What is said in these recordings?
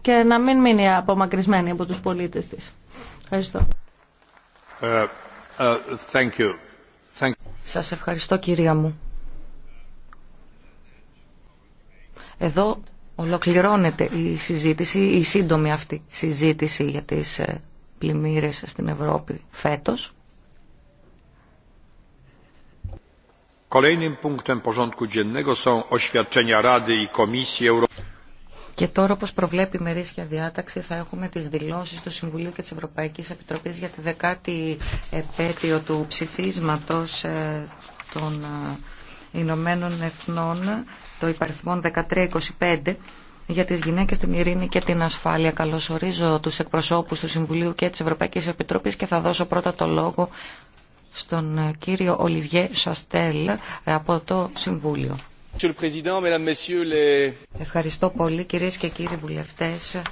και να μην μείνει απομακρυσμένη από τους πολίτες της. Ευχαριστώ. Uh, uh, thank you. Thank you. Σας ευχαριστώ κυρία μου. Εδώ ολοκληρώνεται η συζήτηση, η σύντομη αυτή συζήτηση για τις ε, πλημμύρες στην Ευρώπη φέτος. Kolejnym punktem porządku dziennego są oświadczenia Rady i Komisji Europejskiej. Και τώρα, όπω προβλέπει η μερίσια διάταξη, θα έχουμε τις δηλώσεις του Συμβουλίου και της Ευρωπαϊκής Επιτροπής για τη δεκάτη επέτειο του ψηφίσματος ε, των ε, Ηνωμένων Εθνών, το υπαριθμό 1325, για τις γυναίκες, την ειρήνη και την ασφάλεια. Καλωσορίζω τους εκπροσώπους του Συμβουλίου και της Ευρωπαϊκής Επιτροπής και θα δώσω πρώτα το λόγο στον ε, κύριο Ολιβιέ Σαστέλ από το Συμβούλιο. Ευχαριστώ πολύ κυρίες και κύριοι βουλευτές.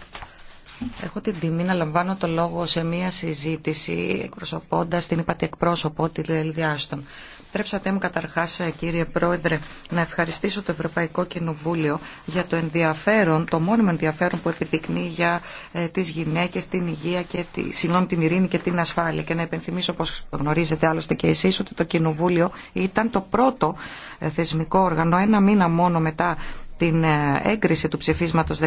Έχω την τιμή να λαμβάνω το λόγο σε μία συζήτηση εκπροσωπώντας την είπατε εκπρόσωπο τη Λελδιάστον. Επιτρέψατε μου καταρχάς ε, κύριε Πρόεδρε να ευχαριστήσω το Ευρωπαϊκό Κοινοβούλιο για το ενδιαφέρον, το μόνιμο ενδιαφέρον που επιδεικνύει για ε, τις γυναίκες, την υγεία και τη, την ειρήνη και την ασφάλεια. Και να υπενθυμίσω όπως γνωρίζετε άλλωστε και εσείς ότι το Κοινοβούλιο ήταν το πρώτο ε, θεσμικό όργανο ένα μήνα μόνο μετά την έγκριση του ψηφίσματος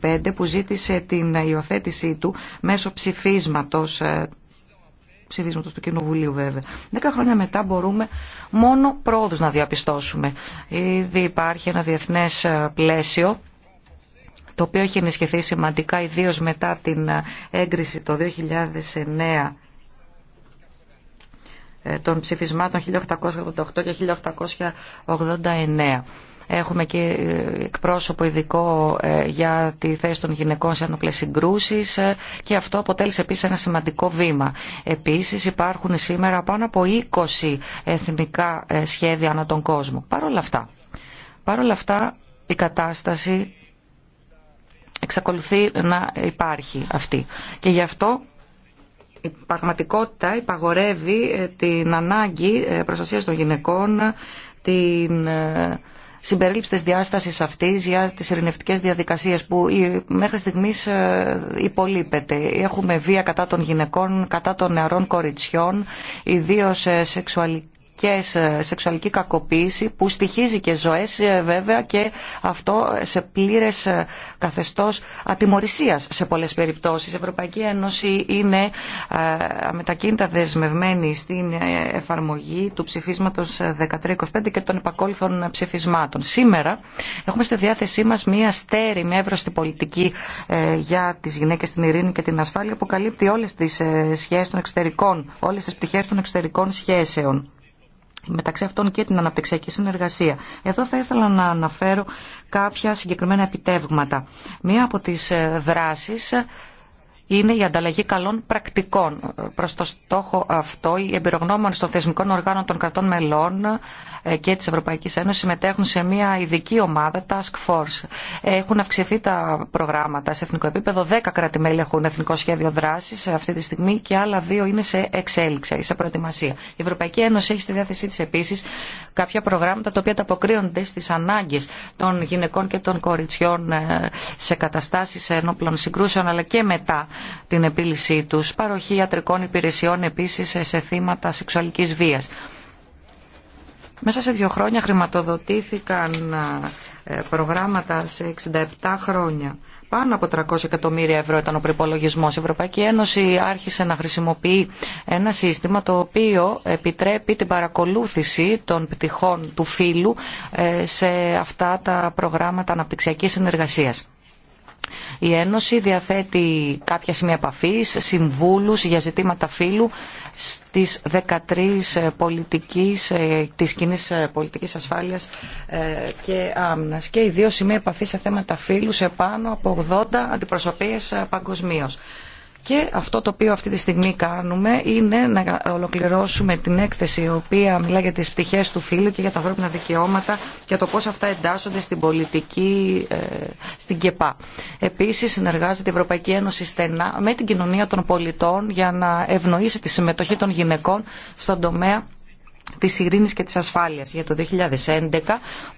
1325 που ζήτησε την υιοθέτησή του μέσω ψηφίσματος ψηφίσματο του Κοινοβουλίου βέβαια. Δέκα χρόνια μετά μπορούμε μόνο πρόοδου να διαπιστώσουμε. Ήδη υπάρχει ένα διεθνέ ε, πλαίσιο το οποίο έχει ενισχυθεί σημαντικά ιδίω μετά την ε, έγκριση το 2009 ε, των ψηφισμάτων 1888 και 1889. Έχουμε και ε, εκπρόσωπο ειδικό ε, για τη θέση των γυναικών σε ένοπλε συγκρούσει ε, και αυτό αποτέλεσε επίση ένα σημαντικό βήμα. Επίση υπάρχουν σήμερα πάνω από 20 εθνικά σχέδια ανά τον κόσμο. Παρ' όλα αυτά, παρ όλα αυτά η κατάσταση εξακολουθεί να υπάρχει αυτή. Και γι' αυτό η πραγματικότητα υπαγορεύει την ανάγκη προστασίας των γυναικών, την συμπερίληψη τη διάστασης αυτής για τι ειρηνευτικέ διαδικασίες που μέχρι στιγμή ε, υπολείπεται. Έχουμε βία κατά των γυναικών, κατά των νεαρών κοριτσιών, ιδίω σεξουαλική και σεξουαλική κακοποίηση που στοιχίζει και ζωές ε, βέβαια και αυτό σε πλήρες ε, καθεστώς ατιμορρησίας σε πολλές περιπτώσεις. Η Ευρωπαϊκή Ένωση είναι ε, αμετακίνητα δεσμευμένη στην εφαρμογή του ψηφίσματος 1325 και των επακόλουθων ψηφισμάτων. Σήμερα έχουμε στη διάθεσή μας μία στέρη, με εύρωστη πολιτική για τις γυναίκες στην ειρήνη και την ασφάλεια που καλύπτει όλες τις σχέσεις των εξωτερικών, όλες τις πτυχές των εξωτερικών σχέσεων μεταξύ αυτών και την αναπτυξιακή συνεργασία. Εδώ θα ήθελα να αναφέρω κάποια συγκεκριμένα επιτεύγματα. Μία από τις ε, δράσεις είναι η ανταλλαγή καλών πρακτικών. Προς το στόχο αυτό, οι εμπειρογνώμονες των θεσμικών οργάνων των κρατών μελών ε, και της Ευρωπαϊκής Ένωσης συμμετέχουν σε μια ειδική ομάδα, Task Force. Έχουν αυξηθεί τα προγράμματα σε εθνικό επίπεδο. Δέκα κράτη-μέλη έχουν εθνικό σχέδιο δράσης αυτή τη στιγμή και άλλα δύο είναι σε εξέλιξη, σε προετοιμασία. Η Ευρωπαϊκή Ένωση έχει στη διάθεσή της επίσης κάποια προγράμματα τα οποία τα αποκρίνονται στις ανάγκες των γυναικών και των κοριτσιών ε, σε καταστάσεις ενόπλων συγκρούσεων αλλά και μετά την επίλυσή τους. Παροχή ιατρικών υπηρεσιών επίσης σε θύματα σεξουαλικής βίας. Μέσα σε δύο χρόνια χρηματοδοτήθηκαν ε, προγράμματα σε 67 χρόνια. Πάνω από 300 εκατομμύρια ευρώ ήταν ο προπολογισμό. Η Ευρωπαϊκή Ένωση άρχισε να χρησιμοποιεί ένα σύστημα το οποίο επιτρέπει την παρακολούθηση των πτυχών του φύλου ε, σε αυτά τα προγράμματα αναπτυξιακής συνεργασίας. Η Ένωση διαθέτει κάποια σημεία επαφή, συμβούλους για ζητήματα φύλου στις 13 ε, πολιτικής, ε, της κοινή ε, πολιτικής ασφάλειας και άμυνας και οι δύο σημεία επαφή σε θέματα φύλου σε πάνω από 80 αντιπροσωπείες παγκοσμίω. Και αυτό το οποίο αυτή τη στιγμή κάνουμε είναι να ολοκληρώσουμε την έκθεση η οποία μιλά για τις πτυχές του φύλου και για τα ανθρώπινα δικαιώματα και το πώς αυτά εντάσσονται στην πολιτική, ε, στην ΚΕΠΑ. Επίσης συνεργάζεται η Ευρωπαϊκή Ένωση στενά με την κοινωνία των πολιτών για να ευνοήσει τη συμμετοχή των γυναικών στον τομέα της ειρήνης και της ασφάλειας. Για το 2011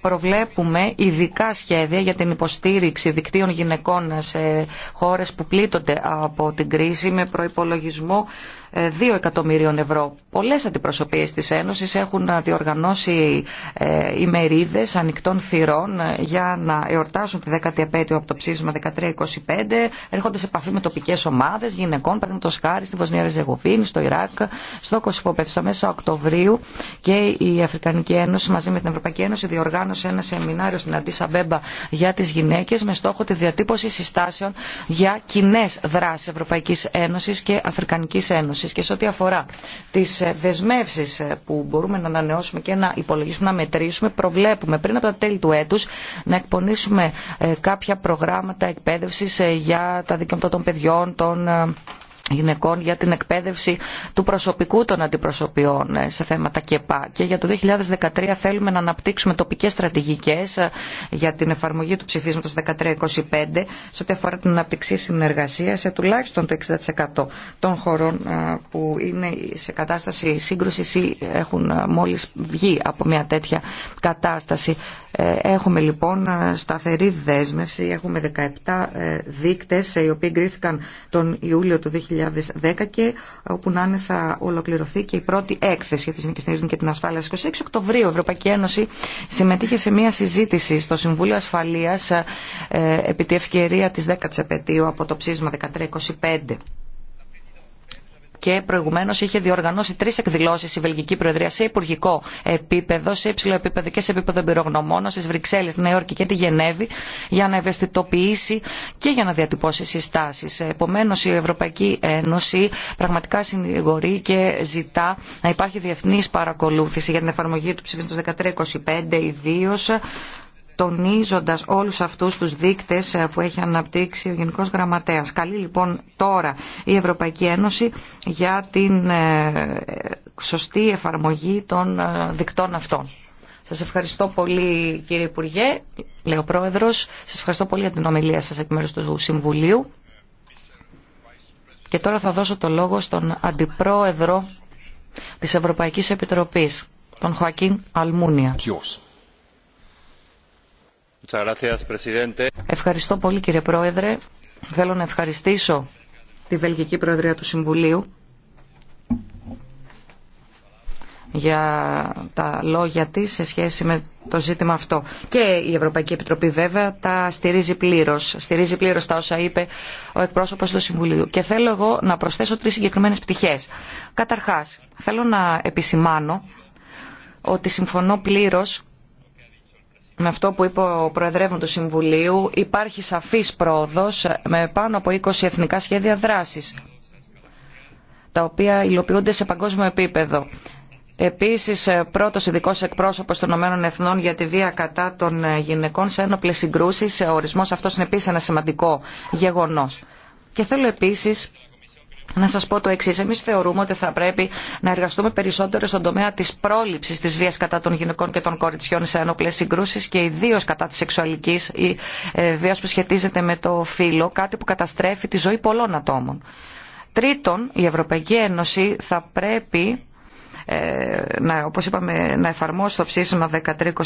προβλέπουμε ειδικά σχέδια για την υποστήριξη δικτύων γυναικών σε χώρες που πλήττονται από την κρίση με προϋπολογισμό 2 εκατομμυρίων ευρώ. Πολλές αντιπροσωπείες της Ένωσης έχουν διοργανώσει ε, ημερίδες ανοιχτών θυρών ε, για να εορτάσουν τη 15 η επέτειο από το ψήφισμα 1325, έρχονται σε επαφή με τοπικές ομάδες γυναικών, το χάρη στη Βοσνία Ρεζεγοβίνη, στο Ιράκ, στο Κωσυφοπεύσα μέσα Οκτωβρίου και η Αφρικανική Ένωση μαζί με την Ευρωπαϊκή Ένωση διοργάνωσε ένα σεμινάριο στην Αντίσα για τις γυναίκες με στόχο τη διατύπωση συστάσεων για κοινέ δράσεις Ευρωπαϊκής Ένωσης και Αφρικανικής Ένωσης και σε ό,τι αφορά τις ε, δεσμεύσει ε, που μπορούμε να ανανεώσουμε και να υπολογίσουμε, να μετρήσουμε, προβλέπουμε πριν από τα τέλη του έτους να εκπονήσουμε ε, κάποια προγράμματα εκπαίδευση για τα δικαιώματα των παιδιών, των γυναικών για την εκπαίδευση του προσωπικού των αντιπροσωπιών ε, σε θέματα ΚΕΠΑ. Και για το 2013 θέλουμε να αναπτύξουμε τοπικές στρατηγικές ε, για την εφαρμογή του ψηφίσματος 1325 σε ό,τι αφορά την αναπτυξή συνεργασία σε τουλάχιστον το 60% των χωρών ε, που είναι σε κατάσταση σύγκρουσης ή έχουν μόλις βγει από μια τέτοια κατάσταση. Έχουμε λοιπόν σταθερή δέσμευση, έχουμε 17 δείκτες οι οποίοι εγκρίθηκαν τον Ιούλιο του 2013 2010 και ε, όπου να είναι θα ολοκληρωθεί και η πρώτη έκθεση για τη συνήκη και την ασφάλεια. 26 Οκτωβρίου η Ευρωπαϊκή Ένωση συμμετείχε σε μια συζήτηση στο Συμβούλιο Ασφαλείας ε, ε, επί τη ευκαιρία της 10 η επαιτίου από το ψήσμα 1325 και προηγουμένω είχε διοργανώσει τρει εκδηλώσει η Βελγική Προεδρία σε υπουργικό επίπεδο, σε υψηλό επίπεδο και σε επίπεδο εμπειρογνωμόνων στι Βρυξέλλε, τη Νέα Υόρκη και τη Γενέβη για να ευαισθητοποιήσει και για να διατυπώσει συστάσει. Επομένω η Ευρωπαϊκή Ένωση πραγματικά συνηγορεί και ζητά να υπάρχει διεθνή παρακολούθηση για την εφαρμογή του ψηφίσματο 1325 ιδίω τονίζοντας όλους αυτούς τους δείκτες ε, που έχει αναπτύξει ο Γενικός Γραμματέας. Καλή λοιπόν τώρα η Ευρωπαϊκή Ένωση για την ε, σωστή εφαρμογή των ε, δικτών αυτών. Σας ευχαριστώ πολύ κύριε Υπουργέ, λέει ο Πρόεδρος. Σας ευχαριστώ πολύ για την ομιλία σας εκ μέρους του Συμβουλίου. Και τώρα θα δώσω το λόγο στον Αντιπρόεδρο της Ευρωπαϊκής Επιτροπής, τον Χωακίν Αλμούνια. Ποιος. Ευχαριστώ πολύ κύριε Πρόεδρε. Θέλω να ευχαριστήσω τη Βελγική Προεδρία του Συμβουλίου για τα λόγια της σε σχέση με το ζήτημα αυτό. Και η Ευρωπαϊκή Επιτροπή βέβαια τα στηρίζει πλήρως. Στηρίζει πλήρως τα όσα είπε ο εκπρόσωπος του Συμβουλίου. Και θέλω εγώ να προσθέσω τρεις συγκεκριμένες πτυχές. Καταρχάς, θέλω να επισημάνω ότι συμφωνώ πλήρως με αυτό που είπε ο Προεδρεύων του Συμβουλίου υπάρχει σαφής πρόοδος με πάνω από 20 εθνικά σχέδια δράσης τα οποία υλοποιούνται σε παγκόσμιο επίπεδο. Επίσης, πρώτος ειδικό εκπρόσωπος των Ηνωμένων Εθνών για τη βία κατά των γυναικών σε ένοπλε συγκρούσει, ο ορισμός αυτός είναι επίσης ένα σημαντικό γεγονός. Και θέλω επίσης να σας πω το εξή. εμείς θεωρούμε ότι θα πρέπει να εργαστούμε περισσότερο στον τομέα της πρόληψης της βίας κατά των γυναικών και των κοριτσιών σε ένοπλες συγκρούσεις και ιδίως κατά της σεξουαλικής ή ε, βίας που σχετίζεται με το φύλλο, κάτι που καταστρέφει τη ζωή πολλών ατόμων. Τρίτον, η Ευρωπαϊκή Ένωση θα πρέπει ε, να, όπως είπαμε, να εφαρμόσει το ψήφισμα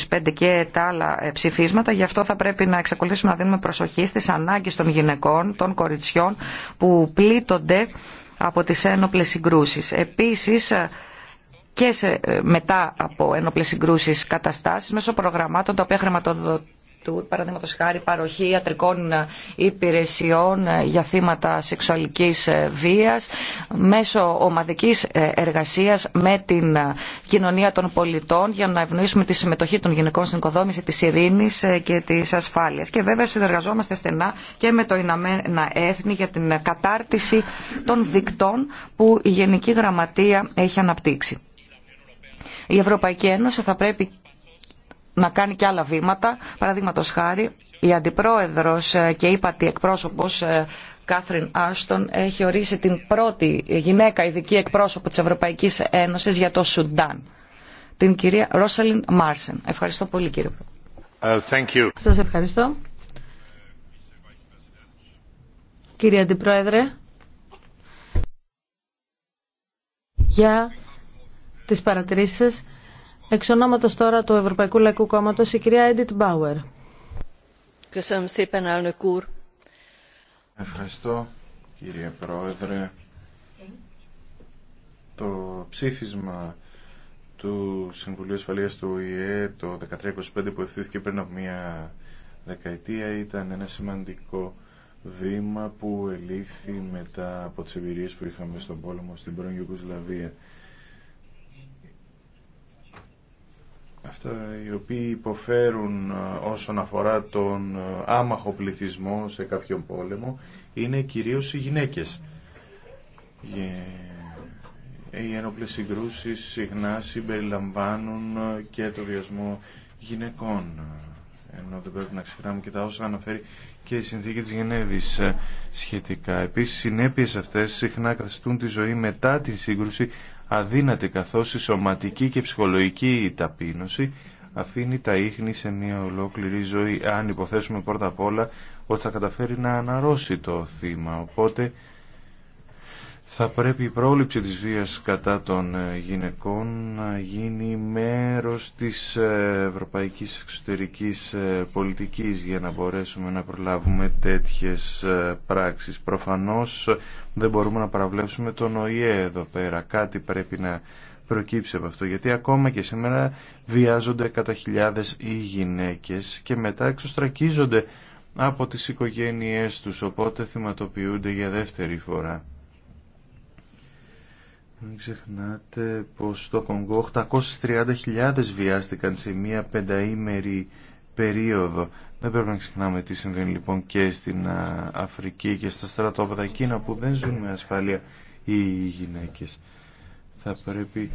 1325 και τα άλλα ε, ψηφίσματα. Γι' αυτό θα πρέπει να εξακολουθήσουμε να δίνουμε προσοχή στις ανάγκες των γυναικών, των κοριτσιών που πλήττονται από τις ένοπλες συγκρούσεις. Επίσης, ε, και σε, μετά από ένοπλες συγκρούσεις καταστάσεις μέσω προγραμμάτων τα οποία χρηματοδοτούν του παραδείγματο χάρη παροχή ιατρικών ε, υπηρεσιών ε, για θύματα σεξουαλικής ε, βίας μέσω ομαδικής εργασίας με την κοινωνία των πολιτών για να ευνοήσουμε τη συμμετοχή των γυναικών στην οικοδόμηση της ειρήνης και της ασφάλειας. Και βέβαια συνεργαζόμαστε στενά και με το Ηνωμένα Έθνη για την κατάρτιση των δικτών που η Γενική Γραμματεία έχει αναπτύξει. Η Ευρωπαϊκή Ένωση θα πρέπει να κάνει και άλλα βήματα. Παραδείγματο χάρη, η αντιπρόεδρος ε, και ύπατη εκπρόσωπος ε, Κάθριν Άστον έχει ορίσει την πρώτη γυναίκα ειδική εκπρόσωπο της Ευρωπαϊκής Ένωσης για το Σουντάν, την κυρία Ρόσελιν Μάρσεν. Ευχαριστώ πολύ κύριε Πρόεδρε. Ε, σας ευχαριστώ. Κύριε Αντιπρόεδρε, για τις παρατηρήσεις σας. Εξ ονόματος τώρα του Ευρωπαϊκού Λαϊκού Κόμματος, η κυρία Έντιτ Μπάουερ. Ευχαριστώ κύριε Πρόεδρε. Το ψήφισμα του Συμβουλίου Ασφαλείας του ΟΗΕ το 1325 που ευθύθηκε πριν από μια δεκαετία ήταν ένα σημαντικό βήμα που ελήφθη μετά από τις εμπειρίες που είχαμε στον πόλεμο στην πρώην αυτά οι οποίοι υποφέρουν ε, όσον αφορά τον ε, άμαχο πληθυσμό σε κάποιον πόλεμο είναι κυρίως οι γυναίκες. Οι ένοπλες συγκρούσεις συχνά συμπεριλαμβάνουν ε, και το βιασμό γυναικών ενώ δεν πρέπει να ξεχνάμε και τα όσα αναφέρει και η συνθήκη της Γενέβης σχετικά. Επίσης, συνέπειες αυτές συχνά καθιστούν τη ζωή μετά τη σύγκρουση αδύνατη καθώς η σωματική και ψυχολογική ταπείνωση αφήνει τα ίχνη σε μια ολόκληρη ζωή αν υποθέσουμε πρώτα απ' όλα ότι θα καταφέρει να αναρρώσει το θύμα. Οπότε θα πρέπει η πρόληψη της βίας κατά των ε, γυναικών να γίνει μέρος της ε, ευρωπαϊκής εξωτερικής ε, πολιτικής για να μπορέσουμε να προλάβουμε τέτοιες πράξεις. Προφανώς δεν μπορούμε να παραβλέψουμε τον ΟΗΕ εδώ πέρα. Κάτι πρέπει να προκύψει από αυτό, γιατί ακόμα και σήμερα βιάζονται κατά οι γυναίκες και μετά εξωστρακίζονται από τις οικογένειές τους, οπότε θυματοποιούνται για δεύτερη φορά. Μην ξεχνάτε πως στο Κονγκό 830.000 βιάστηκαν σε μία πενταήμερη περίοδο. Δεν πρέπει να ξεχνάμε τι συμβαίνει λοιπόν και στην Αφρική και στα στρατόπεδα εκείνα που δεν ζουν με ασφάλεια οι γυναίκες. Θα πρέπει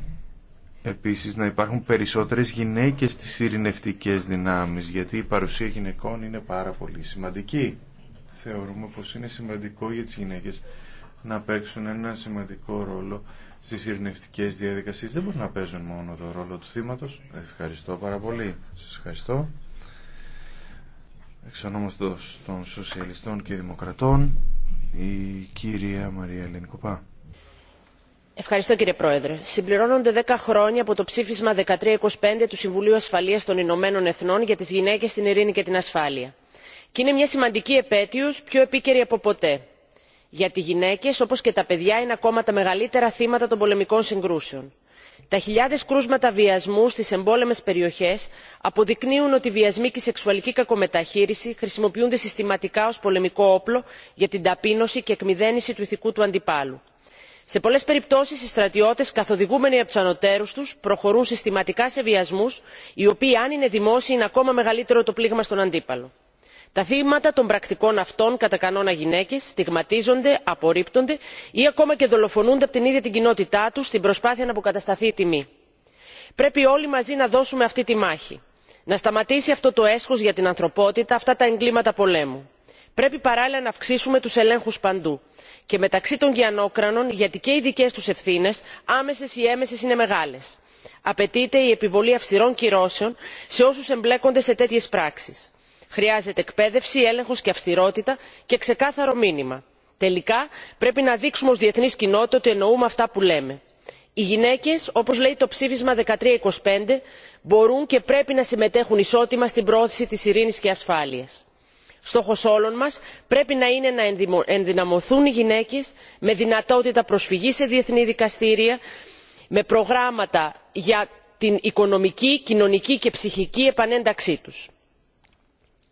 επίσης να υπάρχουν περισσότερες γυναίκες στις ειρηνευτικές δυνάμεις γιατί η παρουσία γυναικών είναι πάρα πολύ σημαντική. Θεωρούμε πως είναι σημαντικό για τις γυναίκες να παίξουν ένα σημαντικό ρόλο στις ειρηνευτικές διαδικασίες. Δεν μπορούν να παίζουν μόνο το ρόλο του θύματος. Ευχαριστώ πάρα πολύ. Σας ευχαριστώ. Εξονόμαστος των Σοσιαλιστών και Δημοκρατών, η κυρία Μαρία Ελένη Κοπά. Ευχαριστώ κύριε Πρόεδρε. Συμπληρώνονται 10 χρόνια από το ψήφισμα 1325 του Συμβουλίου Ασφαλείας των Ηνωμένων Εθνών για τις γυναίκες, την ειρήνη και την ασφάλεια. Και είναι μια σημαντική επέτειος, πιο επίκαιρη από ποτέ γιατί οι γυναίκε, όπω και τα παιδιά είναι ακόμα τα μεγαλύτερα θύματα των πολεμικών συγκρούσεων. τα χιλιάδε κρούσματα βιασμού στι εμπόλεμε περιοχέ αποδεικνύουν ότι οι βιασμοί και η σεξουαλική κακομεταχείριση χρησιμοποιούνται συστηματικά ω πολεμικό όπλο για την ταπείνωση και εκμηδένιση του ηθικού του αντιπάλου. σε πολλέ περιπτώσει, οι στρατιώτε, καθοδηγούμενοι από του ανωτέρου του, προχωρούν συστηματικά σε βιασμού, οι οποίοι αν είναι δημόσιοι είναι ακόμα μεγαλύτερο το πλήγμα στον αντίπαλο τα θύματα των πρακτικών αυτών κατά κανόνα γυναίκες στιγματίζονται απορρίπτονται ή ακόμα και δολοφονούνται από την ίδια την κοινότητά τους στην προσπάθεια να αποκατασταθεί η τιμή. πρέπει όλοι μαζί να δώσουμε αυτή τη μάχη να σταματήσει αυτό το έσχος για την ανθρωπότητα αυτά τα εγκλήματα πολέμου. πρέπει παράλληλα να αυξήσουμε τους ελέγχους παντού και μεταξύ των γιανόκρανων, γιατί και οι δικές τους ευθύνες άμεσες ή έμεσες είναι μεγάλες. απαιτείται η έμεσε ειναι μεγαλες αυστηρών κυρώσεων σε όσους εμπλέκονται σε τέτοιες πράξεις χρειάζεται εκπαίδευση έλεγχος και αυστηρότητα και ξεκάθαρο μήνυμα. τελικά πρέπει να δείξουμε ως διεθνή κοινότητα ότι εννοούμε αυτά που λέμε. οι γυναίκες όπως λέει το ψήφισμα 1325 μπορούν και πρέπει να συμμετέχουν ισότιμα στην προώθηση της ειρήνης και ασφάλειας. στόχος όλων μας πρέπει να είναι να ενδυναμωθούν οι γυναίκες με δυνατότητα προσφυγή σε διεθνή δικαστήρια με προγράμματα για την οικονομική κοινωνική και ψυχική επανένταξή του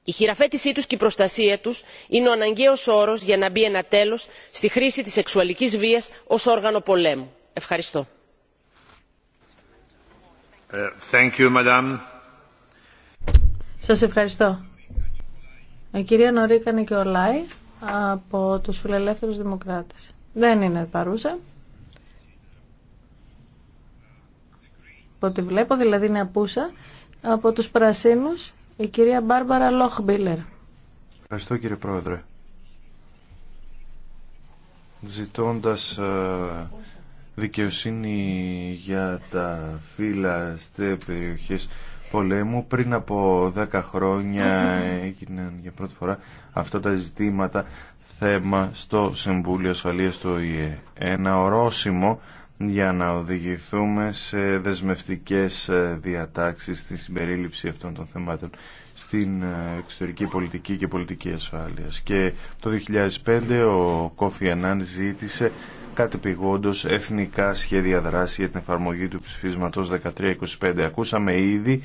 η χειραφέτησή τους και η προστασία τους είναι ο αναγκαίος όρος για να μπει ένα τέλος στη χρήση της σεξουαλικής βίας ως όργανο πολέμου. ευχαριστώ. Ε, Σας ευχαριστώ. Η κυρία ο Λάι από τους Φιλελεύθερους Δημοκράτες. Δεν είναι παρούσα. Από ό,τι βλέπω, δηλαδή είναι απούσα. Από τους Πρασίνους, η κυρία Μπάρμπαρα Λόχμπιλερ. Ευχαριστώ κύριε Πρόεδρε. Ζητώντας ε, δικαιοσύνη για τα φύλλα στε περιοχές πολέμου πριν από 10 χρόνια έγιναν για πρώτη φορά αυτά τα ζητήματα θέμα στο Συμβούλιο Ασφαλείας του ΟΗΕ. Ένα ορόσημο για να οδηγηθούμε σε δεσμευτικές ε, διατάξεις στη συμπερίληψη αυτών των θεμάτων στην ε, εξωτερική πολιτική και πολιτική ασφάλειας. Και το 2005 ο Κόφι Ανάν ζήτησε κατεπηγόντως εθνικά σχέδια δράση για την εφαρμογή του ψηφίσματος 1325. Ακούσαμε ήδη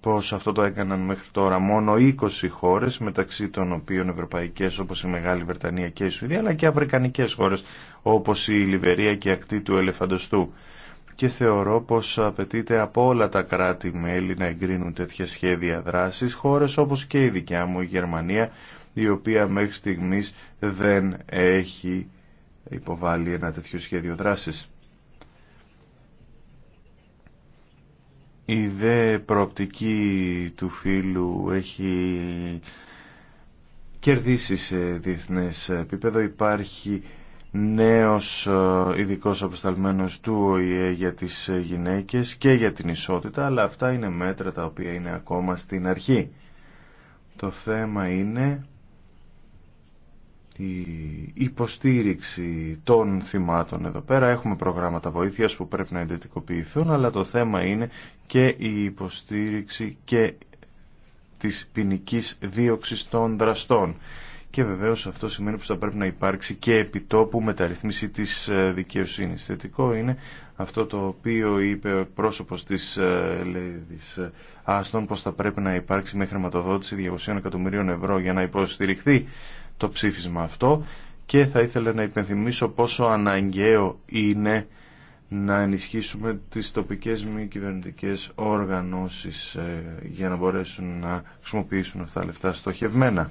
πως αυτό το έκαναν μέχρι τώρα μόνο 20 χώρες, μεταξύ των οποίων ευρωπαϊκές όπως η Μεγάλη Βρετανία και η Σουηδία, αλλά και αφρικανικές χώρες όπως η Λιβερία και η ακτή του Ελεφαντοστού. Και θεωρώ πως απαιτείται από όλα τα κράτη-μέλη να εγκρίνουν τέτοια σχέδια δράσης, χώρες όπως και η δικιά μου η Γερμανία, η οποία μέχρι στιγμής δεν έχει υποβάλει ένα τέτοιο σχέδιο δράσης. Η δε προοπτική του φίλου έχει κερδίσει σε διεθνές επίπεδο. Υπάρχει νέος ε, ειδικό αποσταλμένος του ΟΗΕ για τις ε, γυναίκες και για την ισότητα, αλλά αυτά είναι μέτρα τα οποία είναι ακόμα στην αρχή. Το θέμα είναι η υποστήριξη των θυμάτων εδώ πέρα. Έχουμε προγράμματα βοήθειας που πρέπει να εντετικοποιηθούν, αλλά το θέμα είναι και η υποστήριξη και της ποινική δίωξη των δραστών. Και βεβαίως αυτό σημαίνει πως θα πρέπει να υπάρξει και επιτόπου μεταρρυθμίση της ε, δικαιοσύνης. Θετικό είναι αυτό το οποίο είπε ο πρόσωπος της της ε, ε, Άστον πως θα πρέπει να υπάρξει με χρηματοδότηση 200 εκατομμυρίων ευρώ για να υποστηριχθεί το ψήφισμα αυτό και θα ήθελα να υπενθυμίσω πόσο αναγκαίο είναι να ενισχύσουμε τις τοπικές μη κυβερνητικές οργανώσεις ε, για να μπορέσουν να χρησιμοποιήσουν αυτά τα λεφτά στοχευμένα.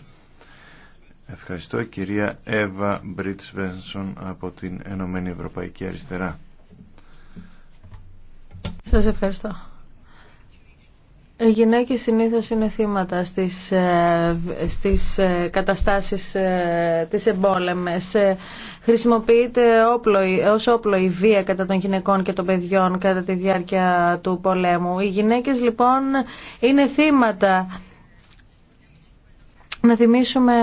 Ευχαριστώ κυρία Εύα Μπριτ από την Ενωμένη ΕΕ. Ευρωπαϊκή Αριστερά. Σας ευχαριστώ. Οι γυναίκες συνήθως είναι θύματα στις, ε, στις ε, καταστάσεις ε, της εμπόλεμες. Χρησιμοποιείται όπλο, ως όπλο η βία κατά των γυναικών και των παιδιών κατά τη διάρκεια του πολέμου. Οι γυναίκες λοιπόν είναι θύματα. Να θυμίσουμε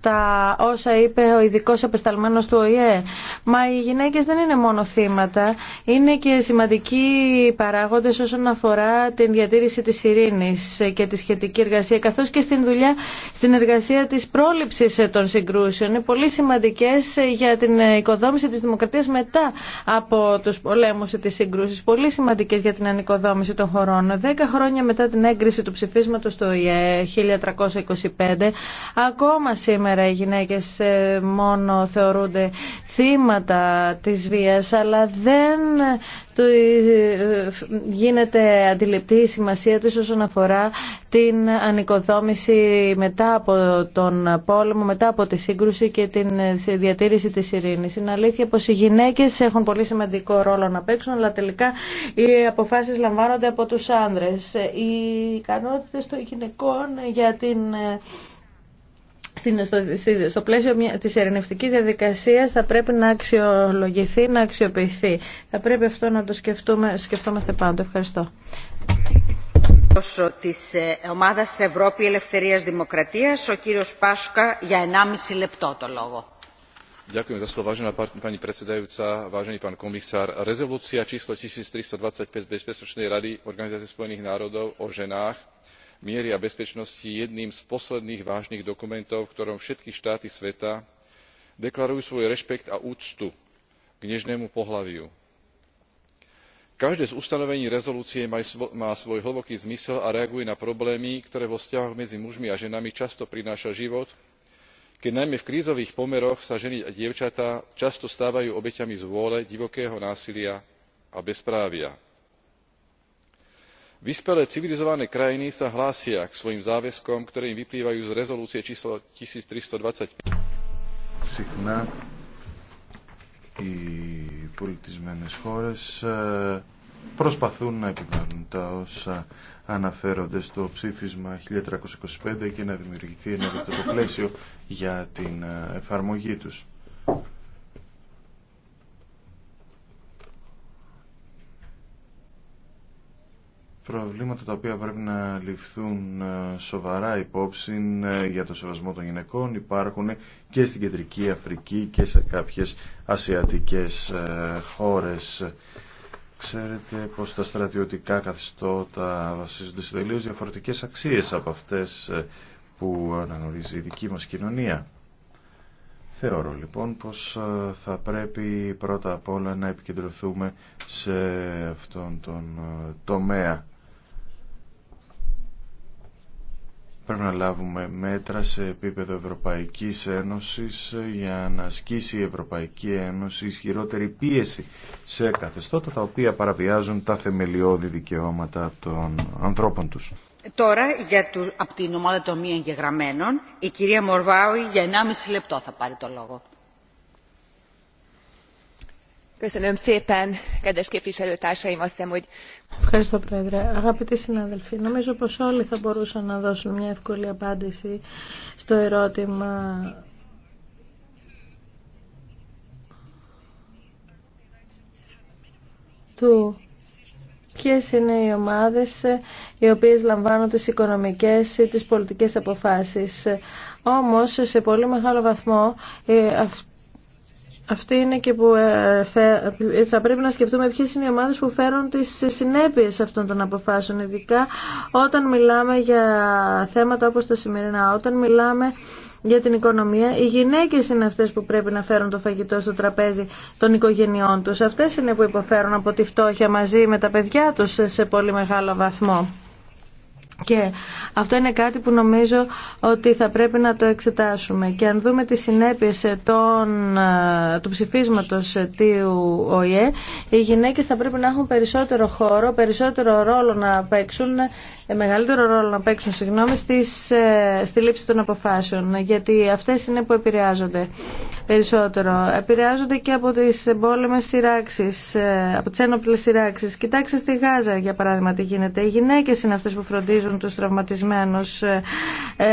τα όσα είπε ο ειδικό απεσταλμένος του ΟΗΕ. Μα οι γυναίκες δεν είναι μόνο θύματα, είναι και σημαντικοί παράγοντες όσον αφορά την διατήρηση της ειρήνης και τη σχετική εργασία, καθώς και στην δουλειά, στην εργασία της πρόληψης των συγκρούσεων. Είναι πολύ σημαντικές για την οικοδόμηση της δημοκρατίας μετά από τους πολέμους και τις συγκρούσεις. Πολύ σημαντικές για την ανοικοδόμηση των χωρών. Δέκα χρόνια μετά την έγκριση του ψηφίσματος του ΟΗΕ 1325, ακόμα σήμερα σήμερα οι γυναίκες ε, μόνο θεωρούνται θύματα της βίας, αλλά δεν ε, γίνεται αντιληπτή η σημασία της όσον αφορά την ανοικοδόμηση μετά από τον πόλεμο, μετά από τη σύγκρουση και την ε, διατήρηση της ειρήνης. Είναι αλήθεια πως οι γυναίκες έχουν πολύ σημαντικό ρόλο να παίξουν, αλλά τελικά οι αποφάσεις λαμβάνονται από τους άνδρες. Οι ικανότητες των γυναικών για την στην, στο στο, στο πλαίσιο μια, της ερευνητικής διαδικασίας θα πρέπει να αξιολογηθεί, να αξιοποιηθεί. Θα πρέπει αυτό να το σκεφτούμε, σκεφτόμαστε πάντα. Ευχαριστώ. Της ε, ομάδας Ευρώπη Ελευθερίας Δημοκρατίας, ο κύριος Πάσκα, για 1,5 λεπτό το λόγο. Rezolúcia číslo 1325 Bezpečnostnej rady Organizácie spojených národov o ženách miery a bezpečnosti jedným z posledných vážnych dokumentov v ktorom všetky štáty sveta deklarujú svoj rešpekt a úctu k nežnému pohlaviu. každé z ustanovení rezolúcie má svoj hlboký zmysel a reaguje na problémy ktoré vo vzťahoch medzi mužmi a ženami často prináša život keď najmä v krízových pomeroch sa ženy a dievčatá často stávajú obeťami zvôle divokého násilia a bezprávia συχνά οι πολιτισμένες χώρες ε, προσπαθούν να επιβάλλουν τα όσα αναφέρονται στο ψήφισμα 1325 και να δημιουργηθεί ένα δεύτερο πλαίσιο για την ε, εφαρμογή τους. προβλήματα τα οποία πρέπει να ληφθούν ε, σοβαρά υπόψη ε, για το σεβασμό των γυναικών υπάρχουν και στην Κεντρική Αφρική και σε κάποιες ασιατικές ε, χώρες. Ξέρετε πως τα στρατιωτικά καθιστώτα βασίζονται σε τελείως διαφορετικές αξίες από αυτές που αναγνωρίζει η δική μας κοινωνία. Θεωρώ λοιπόν πως θα πρέπει πρώτα απ' όλα να επικεντρωθούμε σε αυτόν τον τομέα Πρέπει να λάβουμε μέτρα σε επίπεδο Ευρωπαϊκής Ένωσης για να ασκήσει η Ευρωπαϊκή Ένωση ισχυρότερη πίεση σε καθεστώτα τα οποία παραβιάζουν τα θεμελιώδη δικαιώματα των ανθρώπων τους. Τώρα για το από την ομάδα των μη εγγεγραμμένων η κυρία Μορβάουη για 1,5 λεπτό θα πάρει το λόγο. Ευχαριστώ, Πρόεδρε. Αγαπητοί συνάδελφοι, νομίζω πως όλοι θα μπορούσαν να δώσουν μια εύκολη απάντηση στο ερώτημα του ποιες είναι οι ομάδες οι οποίες λαμβάνουν τις οικονομικές ή τις πολιτικές αποφάσεις. Όμως, σε πολύ μεγάλο βαθμό, ε, αυτή είναι και που ε, θα πρέπει να σκεφτούμε ποιε είναι οι ομάδε που φέρουν τι συνέπειε αυτών των αποφάσεων, ειδικά όταν μιλάμε για θέματα όπω τα σημερινά, όταν μιλάμε για την οικονομία. Οι γυναίκε είναι αυτές που πρέπει να φέρουν το φαγητό στο τραπέζι των οικογενειών του. Αυτές είναι που υποφέρουν από τη φτώχεια μαζί με τα παιδιά του, σε πολύ μεγάλο βαθμό. Και αυτό είναι κάτι που νομίζω ότι θα πρέπει να το εξετάσουμε. Και αν δούμε τις συνέπειες ε, των, ε, του ψηφίσματος ε, του ΟΗΕ, οι γυναίκες θα πρέπει να έχουν περισσότερο χώρο, περισσότερο ρόλο να παίξουν ε, μεγαλύτερο ρόλο να παίξουν συγγνώμη, στις, ε, στη λήψη των αποφάσεων, γιατί αυτές είναι που επηρεάζονται περισσότερο. Επηρεάζονται και από τις εμπόλεμες σειράξεις, ε, από τις ένοπλες σειράξεις. Κοιτάξτε στη Γάζα, για παράδειγμα, τι γίνεται. Οι γυναίκες είναι αυτές που φροντίζουν τους τραυματισμένους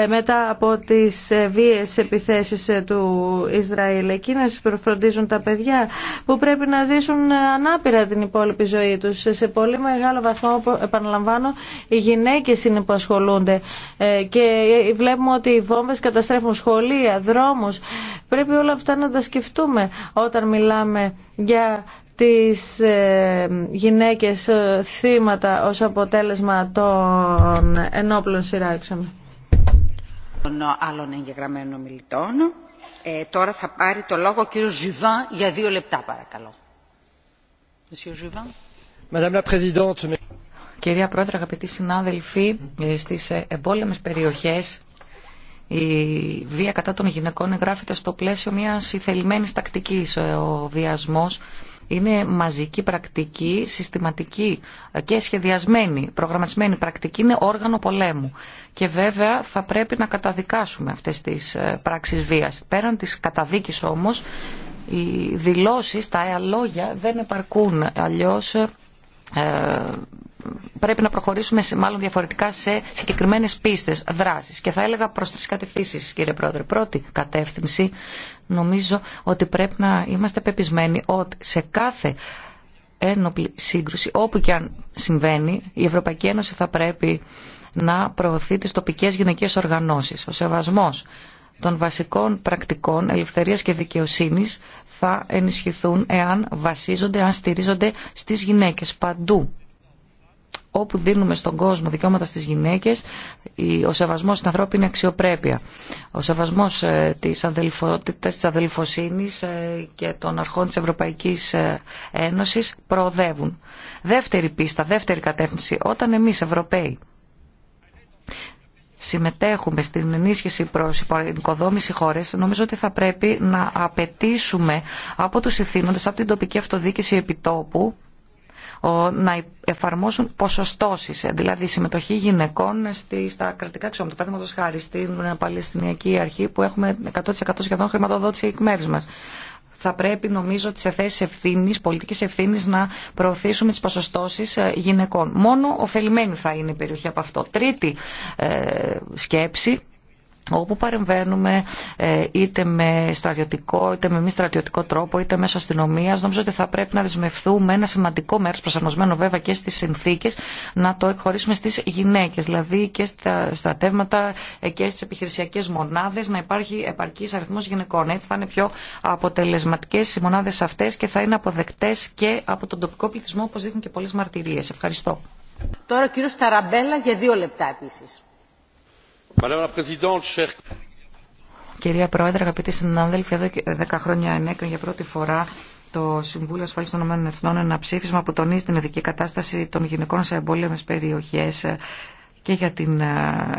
μετά από τις βίες επιθέσεις του Ισραήλ. Εκείνες που φροντίζουν τα παιδιά που πρέπει να ζήσουν ανάπηρα την υπόλοιπη ζωή τους. Σε πολύ μεγάλο βαθμό, επαναλαμβάνω, οι γυναίκες είναι που ασχολούνται ε, και βλέπουμε ότι οι βόμβες καταστρέφουν σχολεία, δρόμους. Πρέπει όλα αυτά να τα σκεφτούμε όταν μιλάμε για τις ε, γυναίκες ε, θύματα ως αποτέλεσμα των ενόπλων σειράξεων. Των άλλων εγγεγραμμένων μιλητών. Ε, τώρα θα πάρει το λόγο ο κύριος Ζιβάν για δύο λεπτά παρακαλώ. Monsieur Juvin. Madame la Présidente, Κυρία Πρόεδρε, αγαπητοί συνάδελφοι, ε, στις ε, εμπόλεμες περιοχές η βία κατά των γυναικών εγγράφεται στο πλαίσιο μιας ηθελημένης τακτικής. Ε, ο βιασμός είναι μαζική πρακτική, συστηματική και σχεδιασμένη, προγραμματισμένη πρακτική, είναι όργανο πολέμου. Και βέβαια θα πρέπει να καταδικάσουμε αυτές τις πράξεις βίας. Πέραν της καταδίκης όμως, οι δηλώσεις, τα λόγια δεν επαρκούν. Αλλιώς πρέπει να προχωρήσουμε σε, μάλλον διαφορετικά σε συγκεκριμένε πίστε δράσεις. Και θα έλεγα προ τρει κατευθύνσεις, κύριε Πρόεδρε. Πρώτη κατεύθυνση, νομίζω ότι πρέπει να είμαστε πεπισμένοι ότι σε κάθε ένοπλη σύγκρουση, όπου και αν συμβαίνει, η Ευρωπαϊκή Ένωση θα πρέπει να προωθεί τις τοπικές γυναικέ οργανώσεις. Ο σεβασμός των βασικών πρακτικών ελευθερίας και δικαιοσύνης θα ενισχυθούν εάν βασίζονται, αν στηρίζονται στις γυναίκες παντού όπου δίνουμε στον κόσμο δικαιώματα στις γυναίκες, ο σεβασμός στην ανθρώπινη αξιοπρέπεια, ο σεβασμός ε, της αδελφότητας, της αδελφοσύνης ε, και των αρχών της Ευρωπαϊκής ε, Ένωσης προοδεύουν. Δεύτερη πίστα, δεύτερη κατεύθυνση, όταν εμείς Ευρωπαίοι συμμετέχουμε στην ενίσχυση προς υποδόμηση χώρες, νομίζω ότι θα πρέπει να απαιτήσουμε από τους ηθήνοντες, από την τοπική αυτοδίκηση επιτόπου, να εφαρμόσουν ποσοστώσεις, δηλαδή συμμετοχή γυναικών στα κρατικά εξώματα. Παραδείγματος χάρη στην Παλαιστινιακή Αρχή που έχουμε 100% σχεδόν χρηματοδότηση εκ μέρους μας θα πρέπει νομίζω ότι σε θέσει ευθύνη, πολιτική ευθύνη, να προωθήσουμε τι ποσοστώσει ε, γυναικών. Μόνο ωφελημένη θα είναι η περιοχή από αυτό. Τρίτη ε, σκέψη, όπου παρεμβαίνουμε ε, είτε με στρατιωτικό, είτε με μη στρατιωτικό τρόπο, είτε μέσω αστυνομία. Νομίζω ότι θα πρέπει να δεσμευτούμε ένα σημαντικό μέρο, προσαρμοσμένο βέβαια και στι συνθήκε, να το εκχωρήσουμε στι γυναίκε, δηλαδή και στα στρατεύματα ε, και στι επιχειρησιακέ μονάδε, να υπάρχει επαρκή αριθμό γυναικών. Έτσι θα είναι πιο αποτελεσματικέ οι μονάδε αυτέ και θα είναι αποδεκτέ και από τον τοπικό πληθυσμό, όπω δείχνουν και πολλέ μαρτυρίε. Ευχαριστώ. Τώρα ο κύριο Ταραμπέλα για δύο λεπτά επίση. Κυρία Πρόεδρε, αγαπητοί συνάδελφοι, εδώ και δέκα χρόνια ενέκρινε για πρώτη φορά το Συμβούλιο Ασφάλεια των Ηνωμένων Εθνών ένα ψήφισμα που τονίζει την ειδική κατάσταση των γυναικών σε εμπόλεμε περιοχέ και για την